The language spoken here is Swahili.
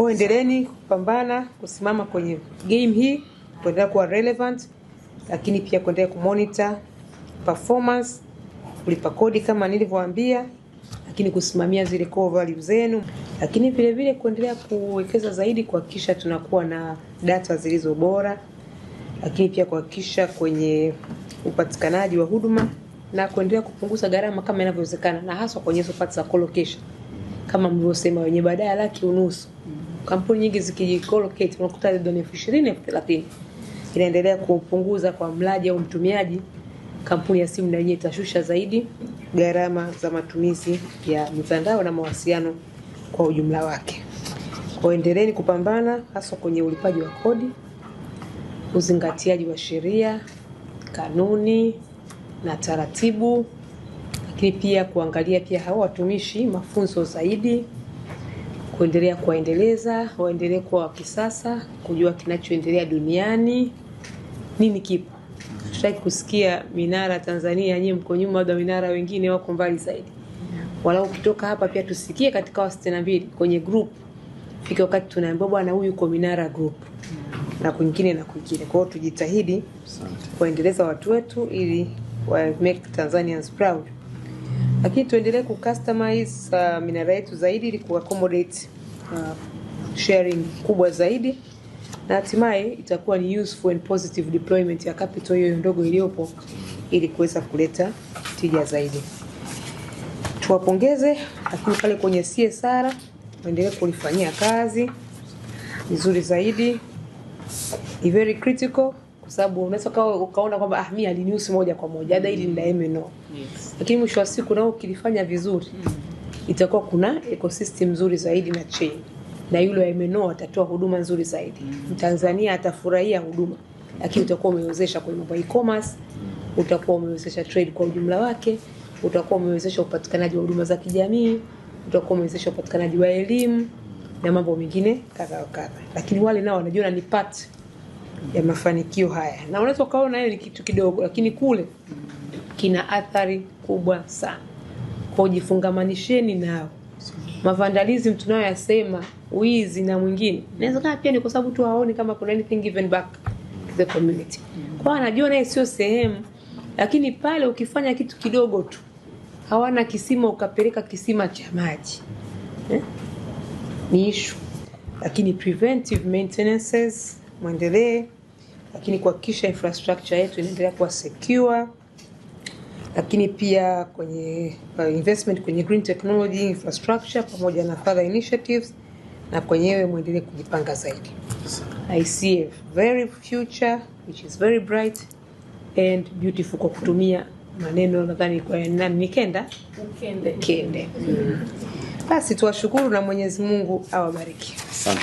Kwa endeleeni kupambana kusimama kwenye game hii, kuendelea kuwa relevant, lakini pia kuendelea kumonitor performance, kulipa kodi kama nilivyowaambia, lakini kusimamia zile core values zenu, lakini vile vile kuendelea kuwekeza zaidi kuhakikisha tunakuwa na data zilizo bora, lakini pia kuhakikisha kwenye upatikanaji wa huduma na kuendelea kupunguza gharama kama inavyowezekana, na haswa kwenye hizo parts za collocation kama mlivyosema wenye baadaye laki unusu kampuni nyingi zikijikolocate unakuta doni elfu ishirini elfu thelathini inaendelea kupunguza kwa mlaji au mtumiaji. Kampuni ya simu na yenyewe itashusha zaidi gharama za matumizi ya mitandao na mawasiliano kwa ujumla wake. Kwa kupambana hasa kwenye ulipaji wa kodi, uzingatiaji wa sheria, kanuni na taratibu, lakini pia kuangalia pia hao watumishi mafunzo zaidi kuendelea kuwaendeleza, waendelee kuwa wa kisasa, kujua kinachoendelea duniani, nini kipo. Tutaki kusikia minara Tanzania, nyie mko nyuma, labda minara wengine wako mbali zaidi. Walau ukitoka hapa pia tusikie katika wa sitini na mbili kwenye group, fika wakati tunaambiwa bwana, huyu uko minara group na kwingine na kwingine. Kwa hiyo tujitahidi kuendeleza watu wetu ili wa make Tanzanians proud lakini tuendelee customize uh, minara yetu zaidi ili accommodate uh, sharing kubwa zaidi na hatimaye itakuwa ni useful and positive deployment ya capital hiyo ndogo iliyopo ili kuweza kuleta tija zaidi. Tuwapongeze, lakini pale kwenye CSR waendelee kulifanyia kazi vizuri zaidi, ni very critical kwa sababu unaweza ukaona kwamba ah, mi alinihusu moja kwa moja hada hili mm. ninaeme no lakini mwisho wa siku nao ukilifanya vizuri mm. itakuwa kuna ecosystem nzuri zaidi na chain na yule MNO atatoa huduma nzuri zaidi mm. Mtanzania atafurahia huduma, lakini utakuwa umewezesha kwenye mambo ya e-commerce, mm. utakuwa umewezesha trade kwa ujumla wake, utakuwa umewezesha upatikanaji wa huduma za kijamii, utakuwa umewezesha upatikanaji wa elimu na mambo mengine kadha kadha, lakini wale nao wanajiona ni part ya mafanikio haya, na unaweza ukaona ile ni kitu kidogo, lakini kule kina athari kubwa sana. Kwa jifungamanisheni nao. mavandalizi Mavandalism yasema, wizi na mwingine, inawezekana pia ni kwa sababu tu haoni kama kuna anything given back to the community, kwa anajua naye sio sehemu, lakini pale ukifanya kitu kidogo tu, hawana kisima, ukapeleka kisima cha maji eh? Ni issue, lakini preventive maintenances mwendelee, lakini kuhakikisha infrastructure yetu inaendelea kuwa secure, lakini pia kwenye uh, investment kwenye green technology infrastructure pamoja na further initiatives, na kwenyewe mwendelee kujipanga zaidi. I see a very future which is very bright and beautiful, kwa kutumia maneno nadhani kwa nani nikenda kende basi. Tuwashukuru na Mwenyezi Mungu awabariki. Asante.